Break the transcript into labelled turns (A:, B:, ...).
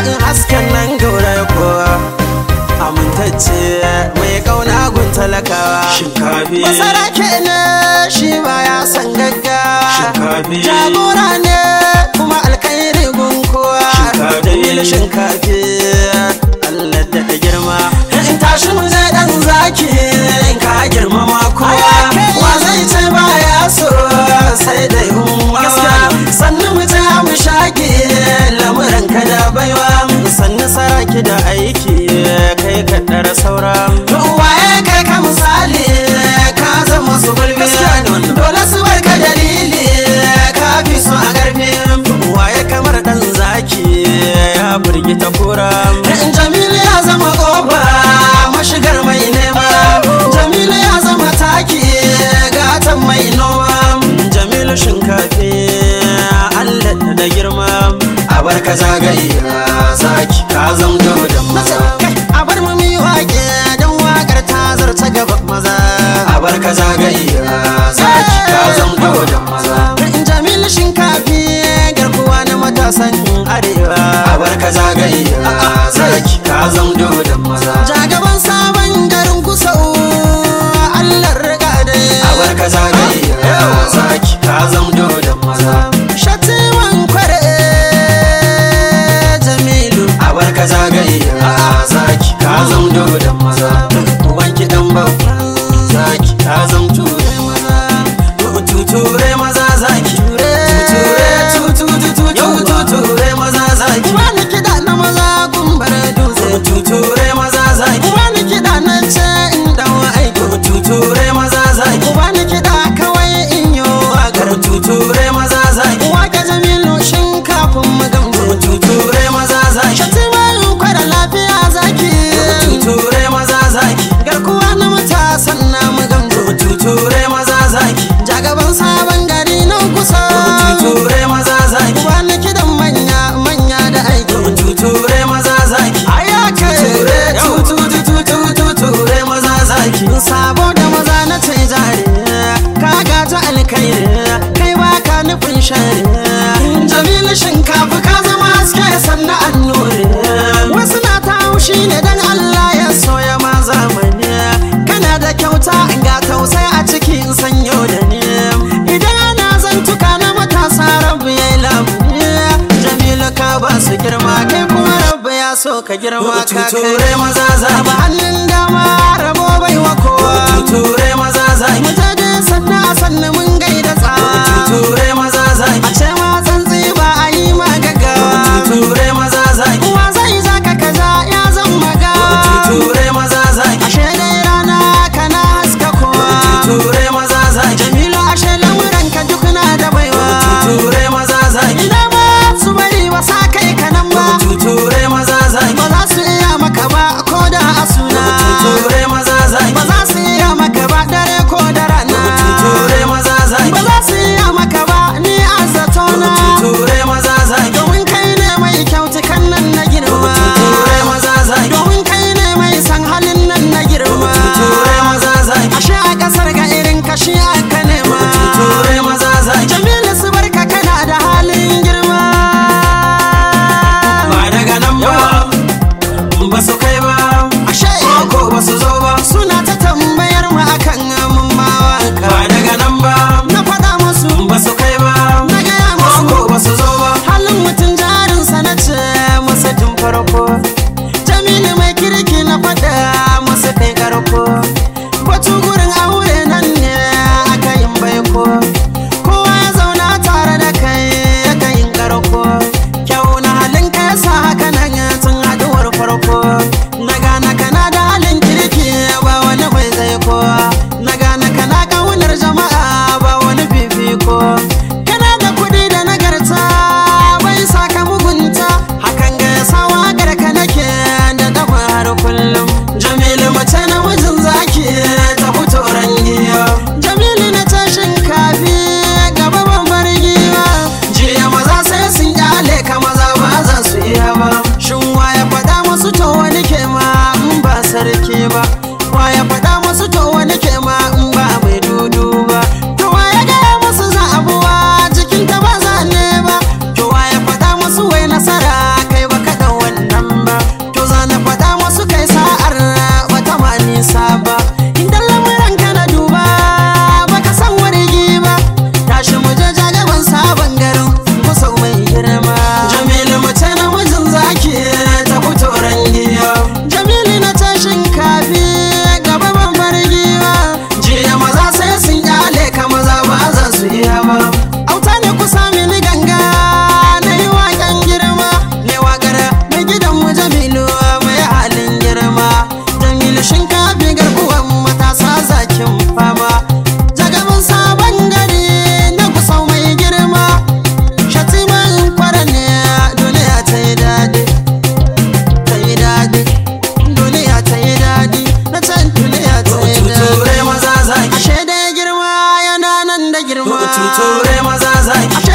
A: in hasken nan gauraya kowa amintacce mai kauna gun talakawa masara ke ne shi ya san gagga shinkafi jagora ne kuma alkairi gun kowa shinkafi ka zagaye nan gari nan kusa tuture maza zaki wani kidan manya manya da aiki tuture maza zaki aya ce tuture maza zaki sabo da maza na ce jare ka gaji alkairi kai ba ka nufin share ka girma ka kai небо as I